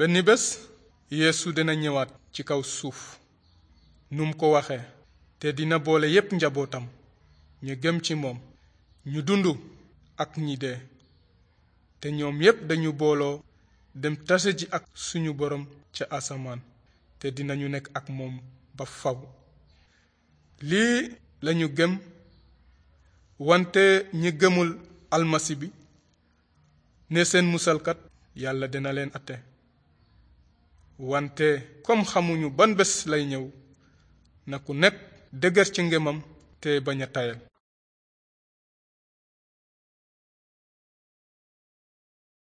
benn bés yéesu dina ñëwaat ci kaw suuf nu mu ko waxee te dina boole yépp njabootam ñu gëm ci moom ñu dund ak ñi dee te ñoom yépp dañu booloo dem tase ji ak suñu borom ca asamaan te dinañu nekk ak moom ba faw lii lañu gëm wante ñi gëmul almasi bi ne seen musalkat yàlla dina leen atte wante comme xamuñu ban bés lay ñëw na ku nekk dëgër ci ngëmam te bañ a tayal